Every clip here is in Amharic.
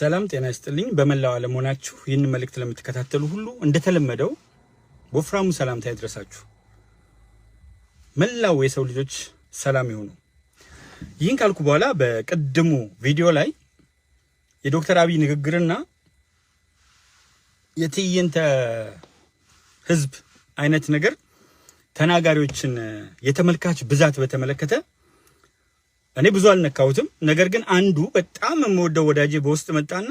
ሰላም ጤና ይስጥልኝ። በመላው ዓለም ሆናችሁ ይህን መልእክት ለምትከታተሉ ሁሉ እንደተለመደው ወፍራሙ ሰላምታ ይድረሳችሁ። መላው የሰው ልጆች ሰላም ይሁኑ። ይህን ካልኩ በኋላ በቅድሙ ቪዲዮ ላይ የዶክተር አብይ ንግግርና የትዕይንተ ህዝብ አይነት ነገር ተናጋሪዎችን የተመልካች ብዛት በተመለከተ እኔ ብዙ አልነካሁትም። ነገር ግን አንዱ በጣም የምወደው ወዳጄ በውስጥ መጣና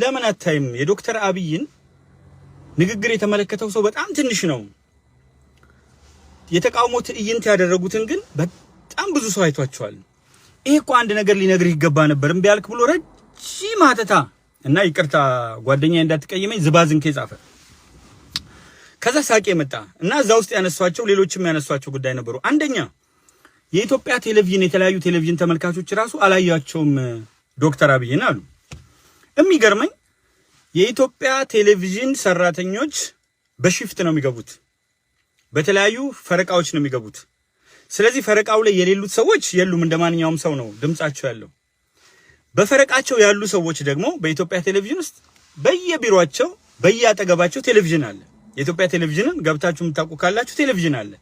ለምን አታይም የዶክተር አብይን ንግግር የተመለከተው ሰው በጣም ትንሽ ነው። የተቃውሞ ትዕይንት ያደረጉትን ግን በጣም ብዙ ሰው አይቷቸዋል። ይሄ እኮ አንድ ነገር ሊነግርህ ይገባ ነበር እምቢ አልክ ብሎ ረጅም ማተታ እና ይቅርታ ጓደኛ እንዳትቀይመኝ ዝባዝንኬ ጻፈ። ከዛ ሳቄ መጣ እና እዛ ውስጥ ያነሷቸው ሌሎችም ያነሷቸው ጉዳይ ነበሩ። አንደኛ የኢትዮጵያ ቴሌቪዥን የተለያዩ ቴሌቪዥን ተመልካቾች ራሱ አላያቸውም ዶክተር አብይን አሉ። የሚገርመኝ የኢትዮጵያ ቴሌቪዥን ሰራተኞች በሽፍት ነው የሚገቡት፣ በተለያዩ ፈረቃዎች ነው የሚገቡት። ስለዚህ ፈረቃው ላይ የሌሉት ሰዎች የሉም፣ እንደ ማንኛውም ሰው ነው ድምጻቸው ያለው። በፈረቃቸው ያሉ ሰዎች ደግሞ በኢትዮጵያ ቴሌቪዥን ውስጥ በየቢሮቸው በየአጠገባቸው ቴሌቪዥን አለ። የኢትዮጵያ ቴሌቪዥንን ገብታችሁ የምታውቁ ካላችሁ ቴሌቪዥን አለ።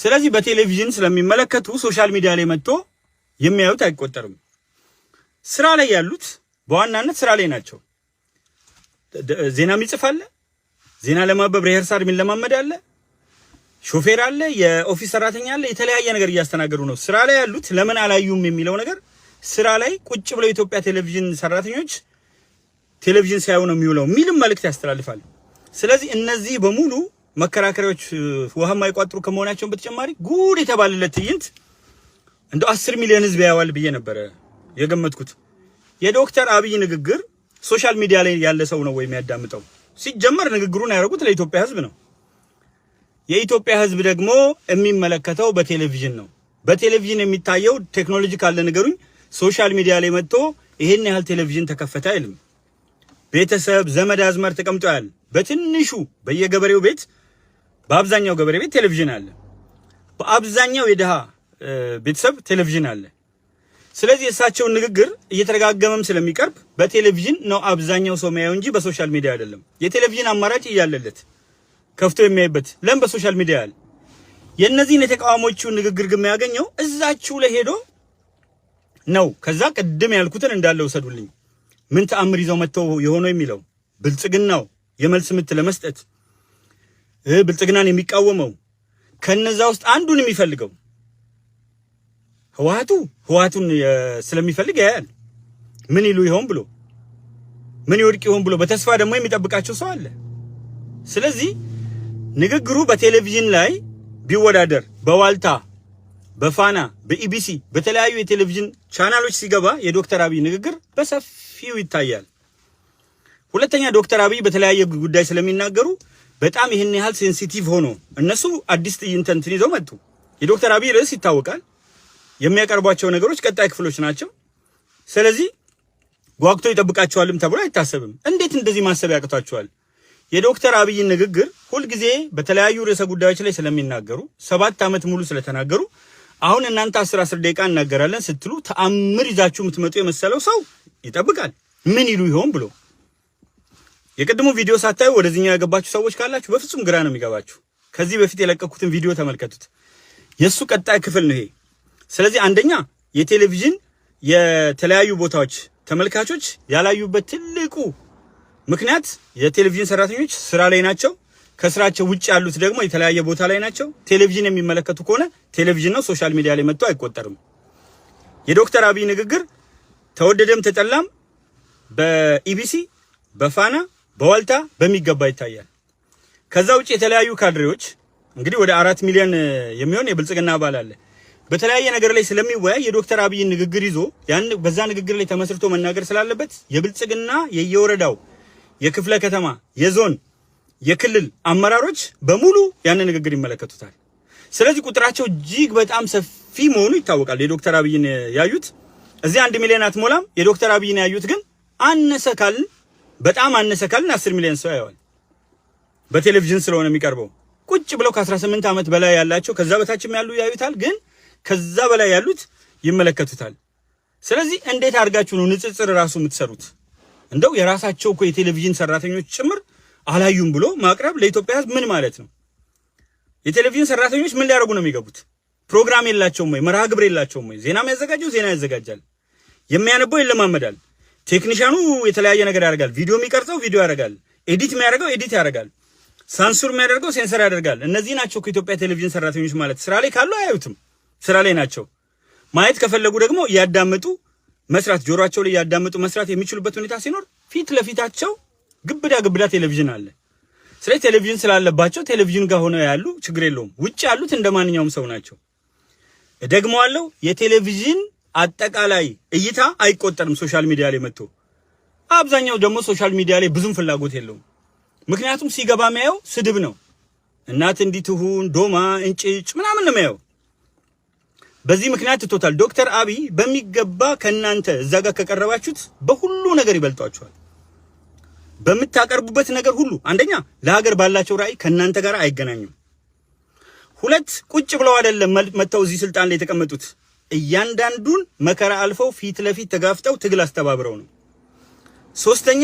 ስለዚህ በቴሌቪዥን ስለሚመለከቱ ሶሻል ሚዲያ ላይ መጥቶ የሚያዩት አይቆጠርም። ስራ ላይ ያሉት በዋናነት ስራ ላይ ናቸው። ዜና የሚጽፍ አለ፣ ዜና ለማንበብ ሪሄርሳል የሚለማመድ አለ፣ ሾፌር አለ፣ የኦፊስ ሰራተኛ አለ። የተለያየ ነገር እያስተናገዱ ነው። ስራ ላይ ያሉት ለምን አላዩም የሚለው ነገር ስራ ላይ ቁጭ ብለው የኢትዮጵያ ቴሌቪዥን ሰራተኞች ቴሌቪዥን ሲያዩ ነው የሚውለው የሚልም መልእክት ያስተላልፋል። ስለዚህ እነዚህ በሙሉ መከራከሪያዎች ውሃ የማይቋጥሩ ከመሆናቸውን በተጨማሪ ጉድ የተባለለት ትዕይንት እንደ አስር ሚሊዮን ህዝብ ያዋል ብዬ ነበረ የገመትኩት። የዶክተር አብይ ንግግር ሶሻል ሚዲያ ላይ ያለ ሰው ነው ወይም ያዳምጠው? ሲጀመር ንግግሩን ያደረጉት ለኢትዮጵያ ህዝብ ነው። የኢትዮጵያ ህዝብ ደግሞ የሚመለከተው በቴሌቪዥን ነው። በቴሌቪዥን የሚታየው ቴክኖሎጂ ካለ ነገሩኝ፣ ሶሻል ሚዲያ ላይ መጥቶ ይሄን ያህል ቴሌቪዥን ተከፈተ አይልም። ቤተሰብ ዘመድ አዝማር ተቀምጦ ያል በትንሹ በየገበሬው ቤት በአብዛኛው ገበሬ ቤት ቴሌቪዥን አለ። በአብዛኛው የድሃ ቤተሰብ ቴሌቪዥን አለ። ስለዚህ የእሳቸውን ንግግር እየተደጋገመም ስለሚቀርብ በቴሌቪዥን ነው አብዛኛው ሰው የሚያየው እንጂ በሶሻል ሚዲያ አይደለም። የቴሌቪዥን አማራጭ እያለለት ከፍቶ የሚያይበት ለምን በሶሻል ሚዲያ ያለ የእነዚህን የተቃዋሞቹን ንግግር ግን የሚያገኘው እዛችሁ ላይ ሄዶ ነው። ከዛ ቅድም ያልኩትን እንዳለ ውሰዱልኝ። ምን ተአምር ይዘው መጥተው የሆነው የሚለው ብልጽግናው የመልስ ምት ለመስጠት ብልጽግናን የሚቃወመው ከነዛ ውስጥ አንዱን የሚፈልገው ህወሓቱ ህወሓቱን ስለሚፈልግ ያያል። ምን ይሉ ይሆን ብሎ ምን ይወድቅ ይሆን ብሎ በተስፋ ደግሞ የሚጠብቃቸው ሰው አለ። ስለዚህ ንግግሩ በቴሌቪዥን ላይ ቢወዳደር በዋልታ በፋና በኢቢሲ በተለያዩ የቴሌቪዥን ቻናሎች ሲገባ የዶክተር አብይ ንግግር በሰፊው ይታያል። ሁለተኛ ዶክተር አብይ በተለያየ ጉዳይ ስለሚናገሩ በጣም ይህን ያህል ሴንሲቲቭ ሆኖ እነሱ አዲስ ትዕይንተ እንትን ይዘው መጡ። የዶክተር አብይ ርዕስ ይታወቃል። የሚያቀርቧቸው ነገሮች ቀጣይ ክፍሎች ናቸው። ስለዚህ ጓጉቶ ይጠብቃቸዋልም ተብሎ አይታሰብም። እንዴት እንደዚህ ማሰብ ያቅቷቸዋል? የዶክተር አብይን ንግግር ሁልጊዜ በተለያዩ ርዕሰ ጉዳዮች ላይ ስለሚናገሩ ሰባት ዓመት ሙሉ ስለተናገሩ አሁን እናንተ አስር አስር ደቂቃ እናገራለን ስትሉ ተአምር ይዛችሁ የምትመጡ የመሰለው ሰው ይጠብቃል ምን ይሉ ይሆን ብሎ የቅድሙ ቪዲዮ ሳታዩ ወደዚህኛው ያገባችሁ ሰዎች ካላችሁ በፍጹም ግራ ነው የሚገባችሁ። ከዚህ በፊት የለቀኩትን ቪዲዮ ተመልከቱት። የሱ ቀጣይ ክፍል ነው ይሄ። ስለዚህ አንደኛ የቴሌቪዥን የተለያዩ ቦታዎች ተመልካቾች ያላዩበት ትልቁ ምክንያት የቴሌቪዥን ሰራተኞች ስራ ላይ ናቸው። ከስራቸው ውጭ ያሉት ደግሞ የተለያየ ቦታ ላይ ናቸው። ቴሌቪዥን የሚመለከቱ ከሆነ ቴሌቪዥን ነው፣ ሶሻል ሚዲያ ላይ መጥቶ አይቆጠርም። የዶክተር አብይ ንግግር ተወደደም ተጠላም በኢቢሲ በፋና በዋልታ በሚገባ ይታያል። ከዛ ውጭ የተለያዩ ካድሬዎች እንግዲህ ወደ አራት ሚሊዮን የሚሆን የብልጽግና አባል አለ። በተለያየ ነገር ላይ ስለሚወያይ የዶክተር አብይን ንግግር ይዞ ያን በዛ ንግግር ላይ ተመስርቶ መናገር ስላለበት የብልጽግና የየወረዳው የክፍለ ከተማ የዞን የክልል አመራሮች በሙሉ ያን ንግግር ይመለከቱታል። ስለዚህ ቁጥራቸው እጅግ በጣም ሰፊ መሆኑ ይታወቃል። የዶክተር አብይን ያዩት እዚህ አንድ ሚሊዮን አትሞላም። የዶክተር አብይን ያዩት ግን አነሰ ካልን በጣም አነሰ ካልን አስር ሚሊዮን ሰው ያየዋል። በቴሌቪዥን ስለሆነ የሚቀርበው ቁጭ ብለው ከ18 ዓመት በላይ ያላቸው ከዛ በታችም ያሉ ያዩታል፣ ግን ከዛ በላይ ያሉት ይመለከቱታል። ስለዚህ እንዴት አድርጋችሁ ነው ንጽጽር ራሱ የምትሰሩት? እንደው የራሳቸው እኮ የቴሌቪዥን ሰራተኞች ጭምር አላዩም ብሎ ማቅረብ ለኢትዮጵያ ሕዝብ ምን ማለት ነው? የቴሌቪዥን ሰራተኞች ምን ሊያደርጉ ነው የሚገቡት? ፕሮግራም የላቸውም ወይ? መርሃ ግብር የላቸውም ወይ? ዜና የሚያዘጋጀው ዜና ያዘጋጃል፣ የሚያነበው ይለማመዳል። ቴክኒሽያኑ የተለያየ ነገር ያደርጋል። ቪዲዮ የሚቀርጸው ቪዲዮ ያደርጋል። ኤዲት የሚያደርገው ኤዲት ያደርጋል። ሳንሱር የሚያደርገው ሴንሰር ያደርጋል። እነዚህ ናቸው ከኢትዮጵያ ቴሌቪዥን ሰራተኞች ማለት ስራ ላይ ካሉ አያዩትም፣ ስራ ላይ ናቸው። ማየት ከፈለጉ ደግሞ እያዳመጡ መስራት፣ ጆሮቸው ላይ እያዳመጡ መስራት የሚችሉበት ሁኔታ ሲኖር ፊት ለፊታቸው ግብዳ ግብዳ ቴሌቪዥን አለ። ስለዚህ ቴሌቪዥን ስላለባቸው ቴሌቪዥን ጋር ሆነው ያሉ ችግር የለውም። ውጭ ያሉት እንደ ማንኛውም ሰው ናቸው። እደግመዋለሁ የቴሌቪዥን አጠቃላይ እይታ አይቆጠርም። ሶሻል ሚዲያ ላይ መጥቶ አብዛኛው ደግሞ ሶሻል ሚዲያ ላይ ብዙም ፍላጎት የለውም። ምክንያቱም ሲገባ የሚያየው ስድብ ነው። እናት እንዲትሁን ዶማ እንጭጭ ምናምን ነው የሚያየው። በዚህ ምክንያት ትቶታል። ዶክተር አብይ በሚገባ ከእናንተ እዛ ጋር ከቀረባችሁት በሁሉ ነገር ይበልጧቸዋል። በምታቀርቡበት ነገር ሁሉ አንደኛ ለሀገር ባላቸው ራዕይ ከእናንተ ጋር አይገናኙም። ሁለት ቁጭ ብለው አይደለም መጥተው እዚህ ስልጣን ላይ የተቀመጡት እያንዳንዱን መከራ አልፈው ፊት ለፊት ተጋፍጠው ትግል አስተባብረው ነው። ሶስተኛ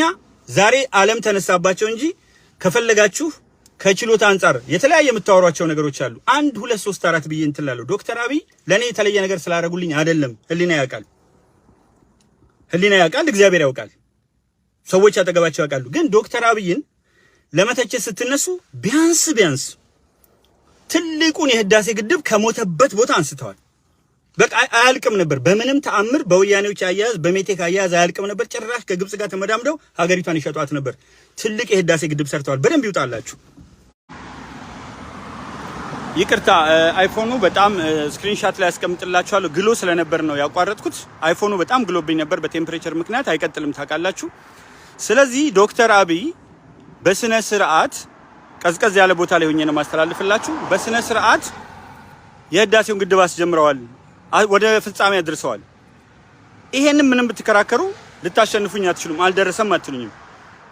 ዛሬ ዓለም ተነሳባቸው እንጂ ከፈለጋችሁ ከችሎታ አንጻር የተለያየ የምታወሯቸው ነገሮች አሉ። አንድ ሁለት ሶስት አራት ብዬ እንትላለሁ። ዶክተር አብይ ለእኔ የተለየ ነገር ስላደረጉልኝ አይደለም። ህሊና ያውቃል፣ ህሊና ያውቃል፣ እግዚአብሔር ያውቃል፣ ሰዎች አጠገባቸው ያውቃሉ። ግን ዶክተር አብይን ለመተቸት ስትነሱ ቢያንስ ቢያንስ ትልቁን የህዳሴ ግድብ ከሞተበት ቦታ አንስተዋል። በቃ አያልቅም ነበር። በምንም ተአምር በወያኔዎች አያያዝ በሜቴክ አያያዝ አያልቅም ነበር። ጭራሽ ከግብጽ ጋር ተመዳምደው ሀገሪቷን ይሸጧት ነበር። ትልቅ የህዳሴ ግድብ ሰርተዋል። በደንብ ይውጣላችሁ። ይቅርታ አይፎኑ በጣም ስክሪንሻት ላይ ያስቀምጥላችኋለሁ። ግሎ ስለነበር ነው ያቋረጥኩት። አይፎኑ በጣም ግሎብኝ ነበር። በቴምፕሬቸር ምክንያት አይቀጥልም ታውቃላችሁ። ስለዚህ ዶክተር አብይ በስነ ስርዓት ቀዝቀዝ ያለ ቦታ ላይ ሆኜ ነው ማስተላልፍላችሁ። በስነ ስርዓት የህዳሴውን ግድብ አስጀምረዋል። ወደ ፍጻሜ አድርሰዋል። ይሄንም ምንም ብትከራከሩ ልታሸንፉኝ አትችሉም፣ አልደረሰም አትሉኝም።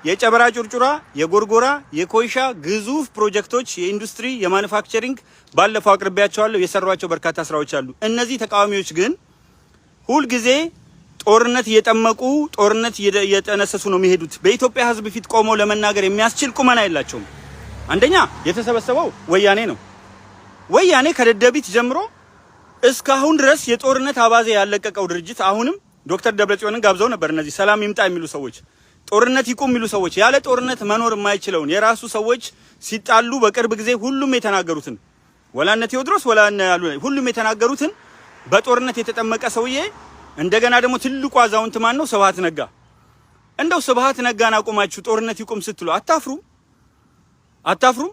የጨበራ ጩርጩራ፣ የጎርጎራ፣ የኮይሻ ግዙፍ ፕሮጀክቶች የኢንዱስትሪ የማኑፋክቸሪንግ ባለፈው አቅርቤያቸዋለሁ። የሰሯቸው በርካታ ስራዎች አሉ። እነዚህ ተቃዋሚዎች ግን ሁልጊዜ ጦርነት እየጠመቁ ጦርነት እየጠነሰሱ ነው የሚሄዱት። በኢትዮጵያ ሕዝብ ፊት ቆመው ለመናገር የሚያስችል ቁመና የላቸውም። አንደኛ የተሰበሰበው ወያኔ ነው። ወያኔ ከደደቢት ጀምሮ እስካሁን ድረስ የጦርነት አባዜ ያለቀቀው ድርጅት አሁንም ዶክተር ደብረጽዮንን ጋብዘው ነበር። እነዚህ ሰላም ይምጣ የሚሉ ሰዎች፣ ጦርነት ይቁም የሚሉ ሰዎች፣ ያለ ጦርነት መኖር የማይችለውን የራሱ ሰዎች ሲጣሉ በቅርብ ጊዜ ሁሉም የተናገሩትን ወላነ ቴዎድሮስ ወላነ ሁሉም የተናገሩትን በጦርነት የተጠመቀ ሰውዬ እንደገና ደግሞ ትልቁ አዛውንት ማን ነው? ስብሃት ነጋ። እንደው ስብሃት ነጋን አቁማችሁ ጦርነት ይቁም ስትሉ አታፍሩ? አታፍሩ?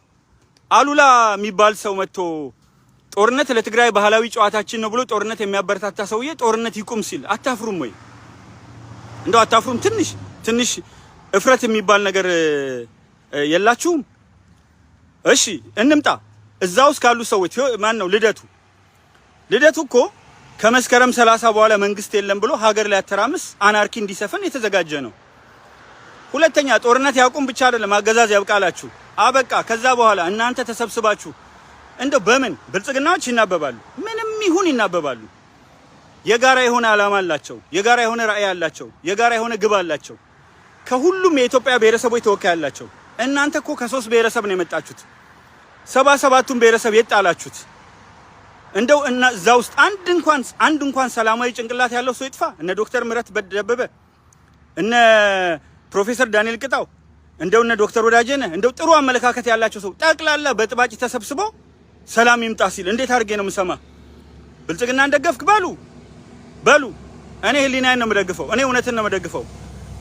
አሉላ የሚባል ሰው መጥቶ ጦርነት ለትግራይ ባህላዊ ጨዋታችን ነው ብሎ ጦርነት የሚያበረታታ ሰውዬ ጦርነት ይቁም ሲል አታፍሩም ወይ? እንደው አታፍሩም? ትንሽ ትንሽ እፍረት የሚባል ነገር የላችሁም? እሺ እንምጣ። እዛ ውስጥ ካሉ ሰዎች ማን ነው ልደቱ? ልደቱ እኮ ከመስከረም ሰላሳ በኋላ መንግስት የለም ብሎ ሀገር ላይ ሊያተራምስ አናርኪ እንዲሰፍን የተዘጋጀ ነው። ሁለተኛ ጦርነት ያቁም ብቻ አይደለም አገዛዝ ያብቃላችሁ። አበቃ። ከዛ በኋላ እናንተ ተሰብስባችሁ እንደው በምን ብልጽግናዎች ይናበባሉ፣ ምንም ይሁን ይናበባሉ። የጋራ የሆነ ዓላማ አላቸው፣ የጋራ የሆነ ራዕይ አላቸው፣ የጋራ የሆነ ግብ አላቸው። ከሁሉም የኢትዮጵያ ብሔረሰቦች ተወካይ አላቸው። እናንተ እኮ ከሶስት ብሔረሰብ ነው የመጣችሁት። ሰባ ሰባቱን ብሔረሰብ የጣላችሁት እንደው እና እዛ ውስጥ አንድ እንኳን አንድ እንኳን ሰላማዊ ጭንቅላት ያለው ሰው ይጥፋ። እነ ዶክተር ምረት ደበበ እነ ፕሮፌሰር ዳንኤል ቅጣው እንደው እነ ዶክተር ወዳጀነ እንደው ጥሩ አመለካከት ያላቸው ሰው ጠቅላላ በጥባጭ ተሰብስበው ሰላም ይምጣ ሲል እንዴት አድርጌ ነው የምሰማ? ብልጽግናን ደገፍክ በሉ በሉ። እኔ ህሊናዬን ነው የምደግፈው። እኔ እውነትን ነው የምደግፈው።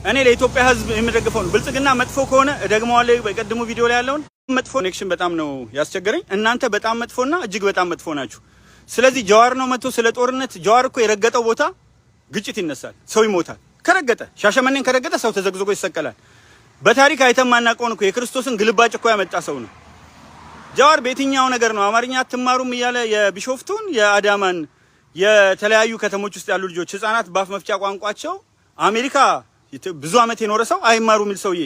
እኔ ለኢትዮጵያ ህዝብ የምደግፈው ነው። ብልጽግና መጥፎ ከሆነ እደግመዋለሁ። በቀድሞ ቪዲዮ ላይ ያለውን መጥፎ ኔክሽን በጣም ነው ያስቸገረኝ። እናንተ በጣም መጥፎና እጅግ በጣም መጥፎ ናችሁ። ስለዚህ ጀዋር ነው መጥቶ ስለ ጦርነት ጀዋር እኮ የረገጠው ቦታ ግጭት ይነሳል፣ ሰው ይሞታል። ከረገጠ ሻሸመኔን ከረገጠ ሰው ተዘግዝጎ ይሰቀላል። በታሪክ አይተን ማናውቀውን እኮ የክርስቶስን ግልባጭ እኮ ያመጣ ሰው ነው። ጃዋር በየትኛው ነገር ነው አማርኛ አትማሩም እያለ የቢሾፍቱን የአዳማን የተለያዩ ከተሞች ውስጥ ያሉ ልጆች ህጻናት በአፍ መፍጫ ቋንቋቸው አሜሪካ ብዙ ዓመት የኖረ ሰው አይማሩ የሚል ሰውዬ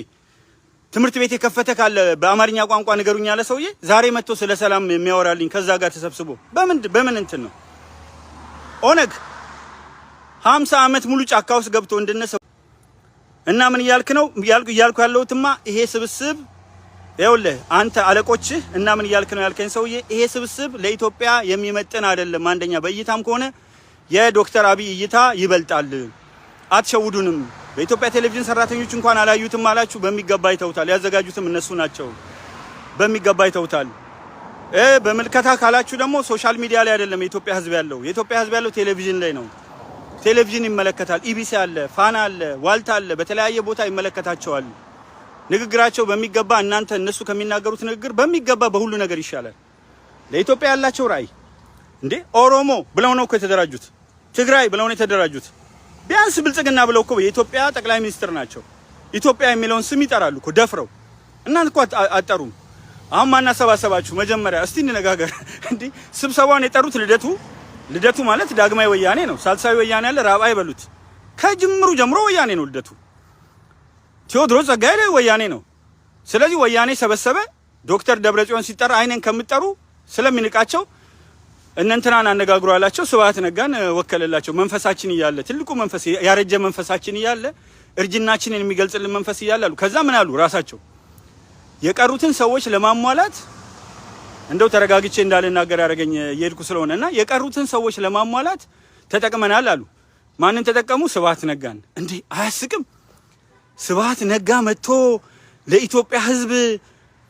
ትምህርት ቤት የከፈተ ካለ በአማርኛ ቋንቋ ንገሩኝ ያለ ሰውዬ ዛሬ መጥቶ ስለ ሰላም የሚያወራልኝ ከዛ ጋር ተሰብስቦ በምን በምን እንትን ነው ኦነግ ሀምሳ ዓመት ሙሉ ጫካ ውስጥ ገብቶ እንደነሰው እና ምን እያልክ ነው እያልኩ ያለሁትማ ይሄ ስብስብ ይኸውልህ አንተ አለቆችህ እና ምን እያልክ ነው ያልከኝ ሰውዬ፣ ይሄ ስብስብ ለኢትዮጵያ የሚመጥን አይደለም። አንደኛ በእይታም ከሆነ የዶክተር አብይ እይታ ይበልጣል። አትሸውዱንም። በኢትዮጵያ ቴሌቪዥን ሰራተኞች እንኳን አላዩትም አላችሁ። በሚገባ ይተውታል። ያዘጋጁትም እነሱ ናቸው። በሚገባ ይተውታል። በምልከታ ካላችሁ ደግሞ ሶሻል ሚዲያ ላይ አይደለም የኢትዮጵያ ሕዝብ ያለው። የኢትዮጵያ ሕዝብ ያለው ቴሌቪዥን ላይ ነው። ቴሌቪዥን ይመለከታል። ኢቢሲ አለ፣ ፋና አለ፣ ዋልታ አለ። በተለያየ ቦታ ይመለከታቸዋል። ንግግራቸው በሚገባ እናንተ እነሱ ከሚናገሩት ንግግር በሚገባ በሁሉ ነገር ይሻላል። ለኢትዮጵያ ያላቸው ራዕይ እንዴ ኦሮሞ ብለው ነው እኮ የተደራጁት። ትግራይ ብለው ነው የተደራጁት። ቢያንስ ብልጽግና ብለው እኮ የኢትዮጵያ ጠቅላይ ሚኒስትር ናቸው። ኢትዮጵያ የሚለውን ስም ይጠራሉ እኮ ደፍረው። እናንተ እኮ አጠሩም። አሁን ማናሰባሰባችሁ መጀመሪያ እስቲ እንነጋገር። እንዲህ ስብሰባውን የጠሩት ልደቱ ልደቱ ማለት ዳግማዊ ወያኔ ነው። ሳልሳዊ ወያኔ አለ፣ ራብዓይ በሉት። ከጅምሩ ጀምሮ ወያኔ ነው ልደቱ። ቴዎድሮስ ጸጋዬ ላይ ወያኔ ነው። ስለዚህ ወያኔ ሰበሰበ። ዶክተር ደብረጽዮን ሲጠራ አይነን ከምጠሩ ስለሚንቃቸው እነንትናን አነጋግሮ ያላቸው ስብሐት ነጋን ወከለላቸው። መንፈሳችን እያለ ትልቁ መንፈስ ያረጀ መንፈሳችን እያለ እርጅናችንን የሚገልጽልን መንፈስ እያለ አሉ። ከዛ ምን አሉ ራሳቸው የቀሩትን ሰዎች ለማሟላት እንደው ተረጋግቼ እንዳልናገር ያደረገኝ እየሄድኩ ስለሆነ እና የቀሩትን ሰዎች ለማሟላት ተጠቅመናል አሉ። ማንን ተጠቀሙ? ስብሐት ነጋን። እንዴ አያስቅም? ስብሐት ነጋ መጥቶ ለኢትዮጵያ ህዝብ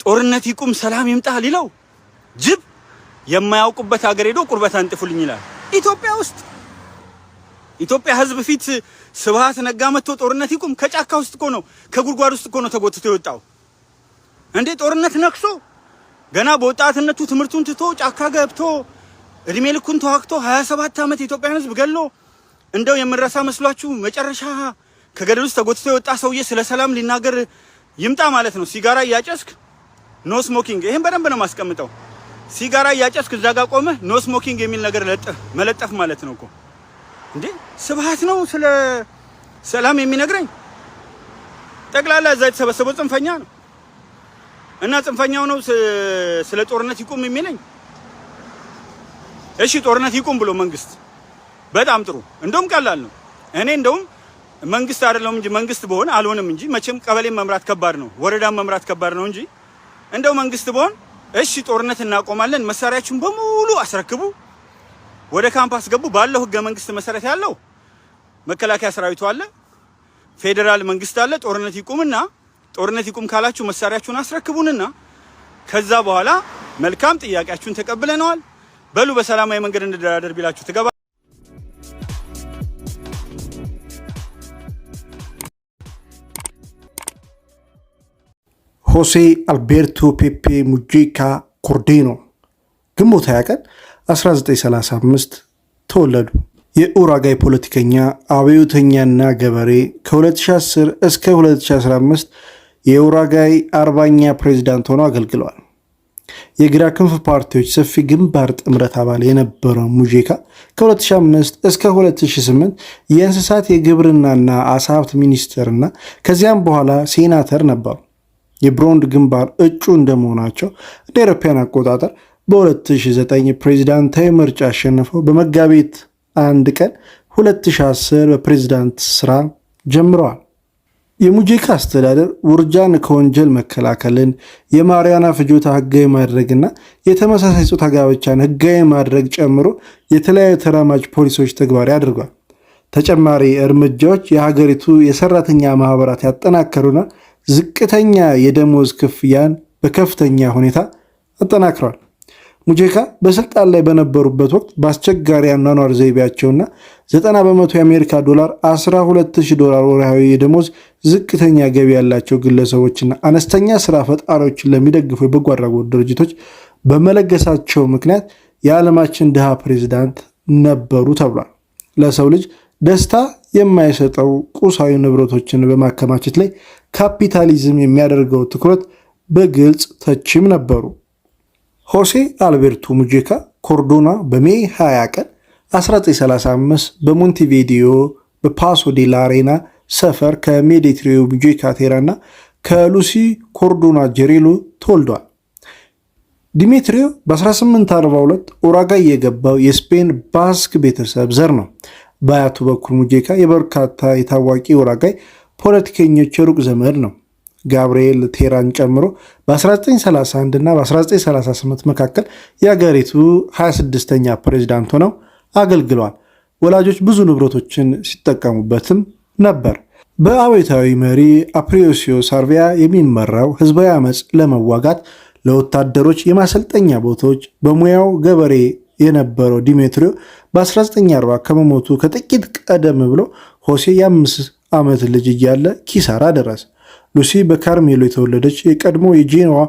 ጦርነት ይቁም ሰላም ይምጣ ሊለው ጅብ የማያውቁበት ሀገር ሄዶ ቁርበት አንጥፉልኝ ይላል። ኢትዮጵያ ውስጥ ኢትዮጵያ ሕዝብ ፊት ስብሐት ነጋ መጥቶ ጦርነት ይቁም። ከጫካ ውስጥ እኮ ነው ከጉድጓድ ውስጥ እኮ ነው ተጎትቶ የወጣው እንዴ! ጦርነት ነክሶ ገና በወጣትነቱ ትምህርቱን ትቶ ጫካ ገብቶ እድሜ ልኩን ተዋግቶ 27 ዓመት የኢትዮጵያን ህዝብ ገሎ እንደው የምንረሳ መስሏችሁ መጨረሻ ከገደል ውስጥ ተጎትቶ የወጣ ሰውዬ ስለ ሰላም ሊናገር ይምጣ ማለት ነው። ሲጋራ እያጨስክ ኖ ስሞኪንግ፣ ይህን በደንብ ነው የማስቀምጠው። ሲጋራ እያጨስክ እዛ ጋር ቆመ ኖ ስሞኪንግ የሚል ነገር መለጠፍ ማለት ነው እኮ እንዴ! ስብሀት ነው ስለ ሰላም የሚነግረኝ። ጠቅላላ እዛ የተሰበሰበው ጽንፈኛ ነው እና ጽንፈኛው ነው ስለ ጦርነት ይቁም የሚለኝ። እሺ ጦርነት ይቁም ብሎ መንግስት፣ በጣም ጥሩ እንደውም ቀላል ነው። እኔ እንደውም መንግስት አይደለም እንጂ መንግስት ብሆን አልሆንም እንጂ መቼም ቀበሌ መምራት ከባድ ነው፣ ወረዳን መምራት ከባድ ነው እንጂ እንደው መንግስት ብሆን እሺ ጦርነት እናቆማለን፣ መሳሪያችሁን በሙሉ አስረክቡ፣ ወደ ካምፕ አስገቡ። ባለው ህገ መንግስት መሰረት ያለው መከላከያ ሰራዊቱ አለ፣ ፌዴራል መንግስት አለ። ጦርነት ይቁምና ጦርነት ይቁም ካላችሁ መሳሪያችሁን አስረክቡንና ከዛ በኋላ መልካም ጥያቄያችሁን ተቀብለነዋል፣ በሉ በሰላማዊ መንገድ እንደደራደር ቢላችሁ ትገባ ሆሴ አልቤርቶ ፔፔ ሙጄካ ኮርዴኖ ግንቦት 20 ቀን 1935 ተወለዱ። የኡራጋይ ፖለቲከኛ አብዮተኛና ገበሬ ከ2010 እስከ 2015 የኡራጋይ አርባኛ ፕሬዚዳንት ሆነው አገልግለዋል። የግራ ክንፍ ፓርቲዎች ሰፊ ግንባር ጥምረት አባል የነበረው ሙጄካ ከ2005 እስከ 2008 የእንስሳት የግብርናና አሳ ሀብት ሚኒስትርና ከዚያም በኋላ ሴናተር ነበሩ። የብሮንድ ግንባር እጩ እንደመሆናቸው እንደ አውሮፓውያን አቆጣጠር በ2009 ፕሬዚዳንታዊ ምርጫ አሸንፈው በመጋቢት አንድ ቀን 2010 በፕሬዚዳንት ስራ ጀምረዋል። የሙጂካ አስተዳደር ውርጃን ከወንጀል መከላከልን፣ የማሪያና ፍጆታ ህጋዊ ማድረግና የተመሳሳይ ፆታ ጋብቻን ህጋዊ ማድረግ ጨምሮ የተለያዩ ተራማጅ ፖሊሶች ተግባሪ አድርጓል። ተጨማሪ እርምጃዎች የሀገሪቱ የሰራተኛ ማህበራት ያጠናከሩና ዝቅተኛ የደሞዝ ክፍያን በከፍተኛ ሁኔታ አጠናክሯል። ሙጄካ በስልጣን ላይ በነበሩበት ወቅት በአስቸጋሪ አኗኗር ዘይቤያቸውና 90 በመቶ የአሜሪካ ዶላር 120 ዶላር ወርሃዊ የደሞዝ ዝቅተኛ ገቢ ያላቸው ግለሰቦችና አነስተኛ ስራ ፈጣሪዎችን ለሚደግፉ የበጎ አድራጎት ድርጅቶች በመለገሳቸው ምክንያት የዓለማችን ድሃ ፕሬዚዳንት ነበሩ ተብሏል። ለሰው ልጅ ደስታ የማይሰጠው ቁሳዊ ንብረቶችን በማከማቸት ላይ ካፒታሊዝም የሚያደርገው ትኩረት በግልጽ ተችም ነበሩ። ሆሴ አልቤርቱ ሙጄካ ኮርዶና በሜይ 20 ቀን 1935 በሞንቴቪዲዮ በፓሶ ዴ ላ ሰፈር ከሜዲትሪዮ ሙጄካ ቴራና ከሉሲ ኮርዶና ጀሬሎ ተወልዷል። ዲሜትሪዮ በ1842 ኡራጋይ የገባው የስፔን ባስክ ቤተሰብ ዘር ነው። በአያቱ በኩል ሙጄካ የበርካታ የታዋቂ ኡራጋይ ፖለቲከኞች የሩቅ ዘመድ ነው። ጋብርኤል ቴራን ጨምሮ በ1931 እና በ1938 መካከል የአገሪቱ 26ኛ ፕሬዚዳንት ሆነው አገልግለዋል። ወላጆች ብዙ ንብረቶችን ሲጠቀሙበትም ነበር። በአቤታዊ መሪ አፕሪዮሲዮ ሳርቪያ የሚመራው ህዝባዊ አመፅ ለመዋጋት ለወታደሮች የማሰልጠኛ ቦታዎች በሙያው ገበሬ የነበረው ዲሜትሪዮ በ1940 ከመሞቱ ከጥቂት ቀደም ብሎ ሆሴ የአምስት ዓመት ልጅ እያለ ኪሳራ ደረሰ። ሉሲ በካርሜሎ የተወለደች የቀድሞ የጄንዋ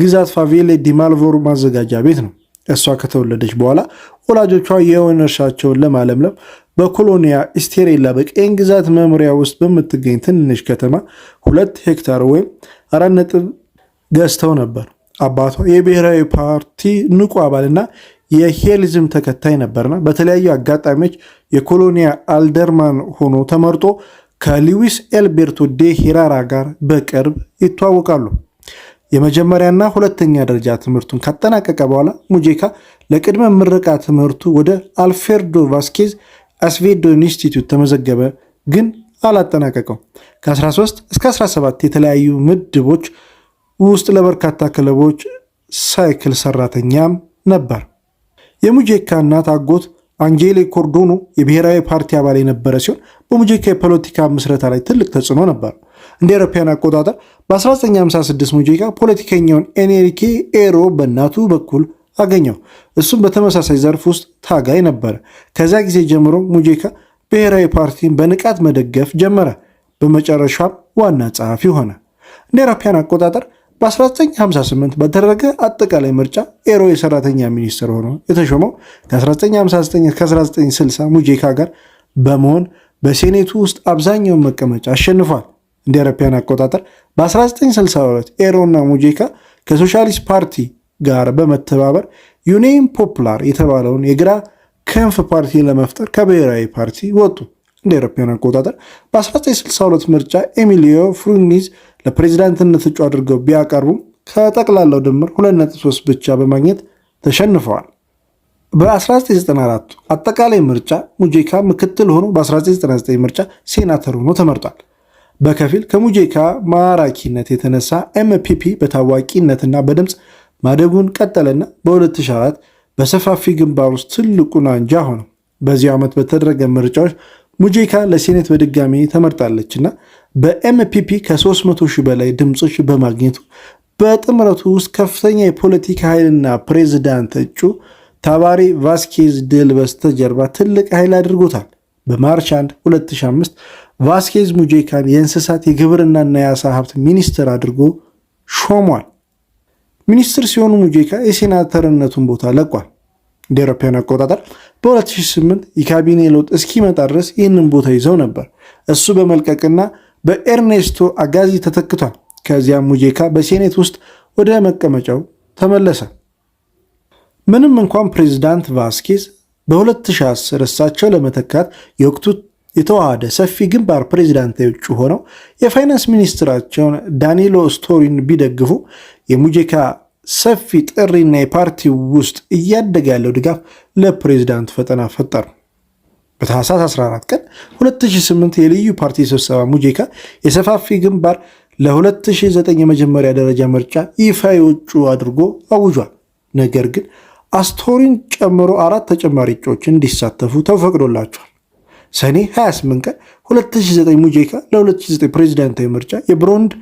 ግዛት ፋቬሌ ዲማልቮር ማዘጋጃ ቤት ነው። እሷ ከተወለደች በኋላ ወላጆቿ የወይን እርሻቸውን ለማለምለም በኮሎኒያ ኢስቴሬላ በቀኝ ግዛት መምሪያ ውስጥ በምትገኝ ትንሽ ከተማ ሁለት ሄክታር ወይም አራት ነጥብ ገዝተው ነበር። አባቷ የብሔራዊ ፓርቲ ንቁ አባልና የሄሊዝም ተከታይ ነበርና በተለያዩ አጋጣሚዎች የኮሎኒያ አልደርማን ሆኖ ተመርጦ ከሉዊስ ኤልቤርቶ ዴ ሂራራ ጋር በቅርብ ይተዋወቃሉ። የመጀመሪያና ሁለተኛ ደረጃ ትምህርቱን ካጠናቀቀ በኋላ ሙጄካ ለቅድመ ምረቃ ትምህርቱ ወደ አልፌርዶ ቫስኬዝ አስቬዶ ኢንስቲትዩት ተመዘገበ፣ ግን አላጠናቀቀው። ከ13 እስከ 17 የተለያዩ ምድቦች ውስጥ ለበርካታ ክለቦች ሳይክል ሰራተኛም ነበር። የሙጄካ እናት አጎት አንጌሌ ኮርዶኖ የብሔራዊ ፓርቲ አባል የነበረ ሲሆን በሙጂካ የፖለቲካ ምስረታ ላይ ትልቅ ተጽዕኖ ነበር። እንደ አውሮፓውያን አቆጣጠር በ1956 ሙጂካ ፖለቲከኛውን ኤኔሪኬ ኤሮ በእናቱ በኩል አገኘው። እሱም በተመሳሳይ ዘርፍ ውስጥ ታጋይ ነበር። ከዚያ ጊዜ ጀምሮ ሙጂካ ብሔራዊ ፓርቲን በንቃት መደገፍ ጀመረ። በመጨረሻም ዋና ጸሐፊ ሆነ። እንደ አውሮፓውያን አቆጣጠር በ1958 በተደረገ አጠቃላይ ምርጫ ኤሮ የሰራተኛ ሚኒስትር ሆኖ የተሾመው ከ1959 1960 ሙጄካ ጋር በመሆን በሴኔቱ ውስጥ አብዛኛውን መቀመጫ አሸንፏል። እንደ አውሮፓውያን አቆጣጠር በ1962 እና ሙጄካ ከሶሻሊስት ፓርቲ ጋር በመተባበር ዩኒየን ፖፕላር የተባለውን የግራ ክንፍ ፓርቲ ለመፍጠር ከብሔራዊ ፓርቲ ወጡ። እንደ አውሮፓውያን አቆጣጠር በ1962 ምርጫ ኤሚሊዮ ፍሩኒዝ ለፕሬዚዳንትነት እጩ አድርገው ቢያቀርቡም ከጠቅላላው ድምር 2.3 ብቻ በማግኘት ተሸንፈዋል። በ1994 አጠቃላይ ምርጫ ሙጄካ ምክትል ሆኖ በ1999 ምርጫ ሴናተር ሆኖ ተመርጧል። በከፊል ከሙጄካ ማራኪነት የተነሳ ኤምፒፒ በታዋቂነትና በድምፅ ማደጉን ቀጠለና በ2004 በሰፋፊ ግንባር ውስጥ ትልቁን አንጃ ሆነው። በዚህ ዓመት በተደረገ ምርጫዎች ሙጄካ ለሴኔት በድጋሚ ተመርጣለችና በኤምፒፒ ከ300 ሺህ በላይ ድምፆች በማግኘቱ በጥምረቱ ውስጥ ከፍተኛ የፖለቲካ ኃይልና ፕሬዝዳንት እጩ ታባሪ ቫስኬዝ ድል በስተጀርባ ትልቅ ኃይል አድርጎታል። በማርች 1 2005 ቫስኬዝ ሙጄካን የእንስሳት የግብርናና የአሳ ሀብት ሚኒስትር አድርጎ ሾሟል። ሚኒስትር ሲሆኑ ሙጄካ የሴናተርነቱን ቦታ ለቋል። እንደ አውሮፓውያን አቆጣጠር በ2008 የካቢኔ ለውጥ እስኪመጣ ድረስ ይህንን ቦታ ይዘው ነበር። እሱ በመልቀቅና በኤርኔስቶ አጋዚ ተተክቷል። ከዚያም ሙጄካ በሴኔት ውስጥ ወደ መቀመጫው ተመለሰ። ምንም እንኳን ፕሬዚዳንት ቫስኬዝ በ2010 እሳቸው ለመተካት የወቅቱ የተዋሃደ ሰፊ ግንባር ፕሬዚዳንት የውጭ ሆነው የፋይናንስ ሚኒስትራቸውን ዳኒሎ ስቶሪን ቢደግፉ የሙጄካ ሰፊ ጥሪና የፓርቲ ውስጥ እያደገ ያለው ድጋፍ ለፕሬዚዳንቱ ፈተና ፈጠሩ። በታህሳስ 14 ቀን 2008 የልዩ ፓርቲ ስብሰባ ሙጄካ የሰፋፊ ግንባር ለ2009 የመጀመሪያ ደረጃ ምርጫ ይፋ የውጩ አድርጎ አውጇል። ነገር ግን አስቶሪን ጨምሮ አራት ተጨማሪ እጩዎች እንዲሳተፉ ተፈቅዶላቸዋል። ሰኔ 28 ቀን 2009 ሙጄካ ለ2009 ፕሬዚዳንታዊ ምርጫ የብሮንድ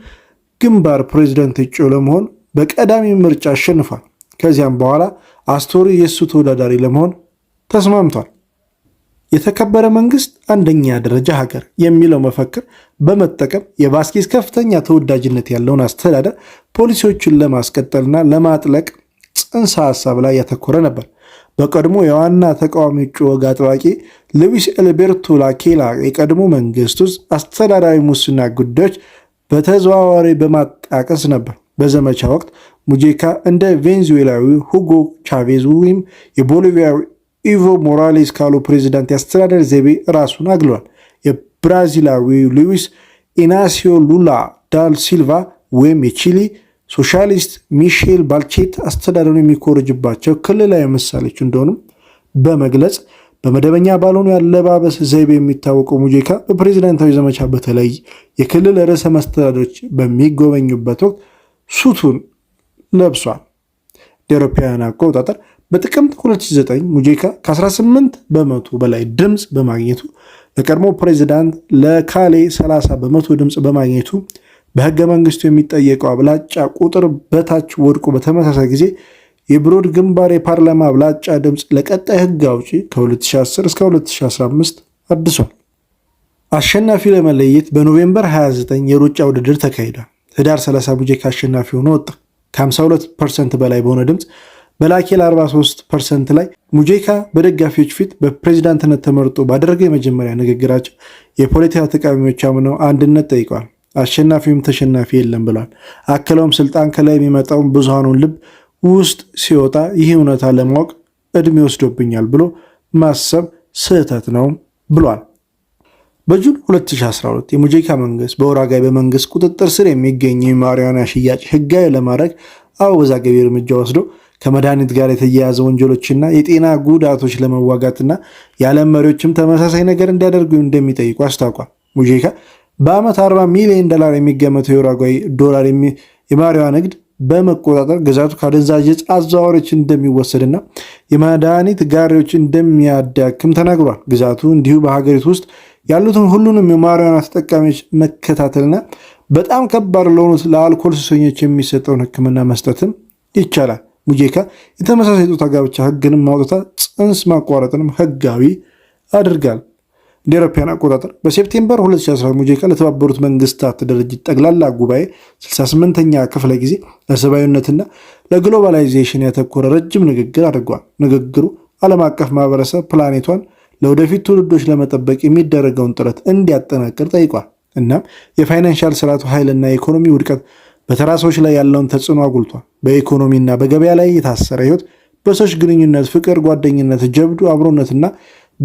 ግንባር ፕሬዚዳንት እጩ ለመሆን በቀዳሚ ምርጫ አሸንፏል። ከዚያም በኋላ አስቶሪ የእሱ ተወዳዳሪ ለመሆን ተስማምቷል። የተከበረ መንግስት አንደኛ ደረጃ ሀገር የሚለው መፈክር በመጠቀም የቫስኬዝ ከፍተኛ ተወዳጅነት ያለውን አስተዳደር ፖሊሲዎቹን ለማስቀጠልና ለማጥለቅ ጽንሰ ሐሳብ ላይ ያተኮረ ነበር። በቀድሞ የዋና ተቃዋሚዎቹ ወግ አጥባቂ ሉዊስ አልቤርቶ ላኬላ የቀድሞ መንግስት ውስጥ አስተዳዳሪ ሙስና ጉዳዮች በተዘዋዋሪ በማጣቀስ ነበር። በዘመቻ ወቅት ሙጄካ እንደ ቬንዙዌላዊ ሁጎ ቻቬዝ ወይም የቦሊቪያዊ ኢቮ ሞራሌስ ካሉ ፕሬዚዳንት የአስተዳደር ዘይቤ ራሱን አግሏል። የብራዚላዊ ሉዊስ ኢናሲዮ ሉላ ዳል ሲልቫ ወይም የቺሊ ሶሻሊስት ሚሼል ባልቼት አስተዳደሩን የሚኮረጅባቸው ክልላዊ ምሳሌዎች እንደሆኑም በመግለጽ በመደበኛ ባልሆኑ የአለባበስ ዘይቤ የሚታወቀው ሙጂካ በፕሬዚዳንታዊ ዘመቻ በተለይ የክልል ርዕሰ መስተዳደሮች በሚጎበኙበት ወቅት ሱቱን ለብሷል። እንደ አቆጣጠር በጥቅምት 2009 ሙጄካ ከ18 በመቶ በላይ ድምፅ በማግኘቱ ለቀድሞ ፕሬዚዳንት ለካሌ 30 በመቶ ድምፅ በማግኘቱ በህገ መንግስቱ የሚጠየቀው አብላጫ ቁጥር በታች ወድቆ በተመሳሳይ ጊዜ የብሮድ ግንባር የፓርላማ አብላጫ ድምፅ ለቀጣይ ህግ አውጪ ከ2010 እስከ 2015 አድሷል። አሸናፊ ለመለየት በኖቬምበር 29 የሩጫ ውድድር ተካሂዷል። ህዳር 30 ሙጄካ አሸናፊ ሆኖ ወጣ። ከ52 ፐርሰንት በላይ በሆነ ድምፅ በላኬል 43 ፐርሰንት ላይ ሙጄካ በደጋፊዎች ፊት በፕሬዚዳንትነት ተመርጦ ባደረገው የመጀመሪያ ንግግራቸው የፖለቲካ ተቃዋሚዎች አምነው አንድነት ጠይቀዋል። አሸናፊውም ተሸናፊ የለም ብሏል። አክለውም ስልጣን ከላይ የሚመጣውን ብዙሃኑን ልብ ውስጥ ሲወጣ ይህ እውነታ ለማወቅ እድሜ ወስዶብኛል ብሎ ማሰብ ስህተት ነው ብሏል። በጁን 2012 የሙጄካ መንግስት በወራጋይ በመንግስት ቁጥጥር ስር የሚገኝ የማሪዋና ሽያጭ ህጋዊ ለማድረግ አወዛጋቢ እርምጃ ወስዶ ከመድኃኒት ጋር የተያያዘ ወንጀሎችና የጤና ጉዳቶች ለመዋጋትና የዓለም መሪዎችም ተመሳሳይ ነገር እንዲያደርጉ እንደሚጠይቁ አስታውቋል። ሙሼካ በዓመት 40 ሚሊዮን ዶላር የሚገመተው የኡራጓይ ዶላር የማሪዋ ንግድ በመቆጣጠር ግዛቱ ከአደንዛዥ ዕፅ አዘዋዋሪዎች እንደሚወሰድና የመድኃኒት ጋሪዎች እንደሚያዳክም ተናግሯል። ግዛቱ እንዲሁ በሀገሪቱ ውስጥ ያሉትን ሁሉንም የማሪዋና ተጠቃሚዎች መከታተልና በጣም ከባድ ለሆኑት ለአልኮል ሱሰኞች የሚሰጠውን ሕክምና መስጠትም ይቻላል። ሙጄካ የተመሳሳይ ጾታ ጋብቻ ህግንም ማውጣታ ጽንስ ማቋረጥንም ህጋዊ አድርጋል። እንደ አውሮፓውያን አቆጣጠር በሴፕቴምበር 2011 ሙጄካ ለተባበሩት መንግስታት ድርጅት ጠቅላላ ጉባኤ 68ኛ ክፍለ ጊዜ ለሰብአዊነትና ለግሎባላይዜሽን ያተኮረ ረጅም ንግግር አድርጓል። ንግግሩ ዓለም አቀፍ ማህበረሰብ ፕላኔቷን ለወደፊት ትውልዶች ለመጠበቅ የሚደረገውን ጥረት እንዲያጠናቅር ጠይቋል። እናም የፋይናንሻል ስርዓቱ ኃይልና የኢኮኖሚ ውድቀት በተራ ሰዎች ላይ ያለውን ተጽዕኖ አጉልቷል። በኢኮኖሚና በገበያ ላይ የታሰረ ህይወት በሰዎች ግንኙነት፣ ፍቅር፣ ጓደኝነት፣ ጀብዱ፣ አብሮነትና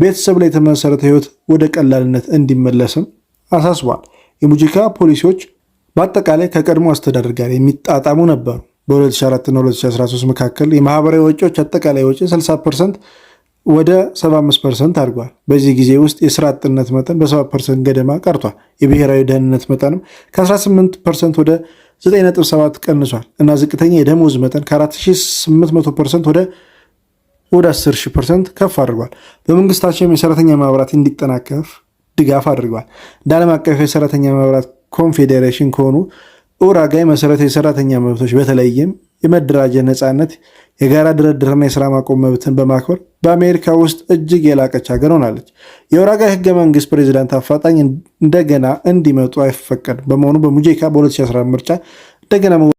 ቤተሰብ ላይ የተመሰረተ ህይወት ወደ ቀላልነት እንዲመለስም አሳስቧል። የሙጂካ ፖሊሲዎች በአጠቃላይ ከቀድሞ አስተዳደር ጋር የሚጣጣሙ ነበሩ። በ2004 እና 2013 መካከል የማህበራዊ ወጪዎች አጠቃላይ ወጪ 60 ፐርሰንት ወደ 75 ፐርሰንት አድጓል። በዚህ ጊዜ ውስጥ የስራ አጥነት መጠን በ7 ፐርሰንት ገደማ ቀርቷል። የብሔራዊ ደህንነት መጠንም ከ18 ፐርሰንት ወደ 9.7 ቀንሷል እና ዝቅተኛ የደሞዝ መጠን ከ4800 ፐርሰንት ወደ ወደ 10 ፐርሰንት ከፍ አድርጓል። በመንግስታቸውም የሰራተኛ ማህበራት እንዲጠናከፍ ድጋፍ አድርጓል። እንደ ዓለም አቀፍ የሰራተኛ ማህበራት ኮንፌዴሬሽን ከሆኑ ኡራጋይ መሰረታዊ የሰራተኛ መብቶች በተለይም የመደራጀት ነፃነት የጋራ ድርድርና የስራ ማቆም መብትን በማክበር በአሜሪካ ውስጥ እጅግ የላቀች ሀገር ሆናለች። የኡራጓይ ህገ መንግስት ፕሬዚዳንት አፋጣኝ እንደገና እንዲመጡ አይፈቀድም። በመሆኑ በሙጄካ በ2015 ምርጫ እንደገና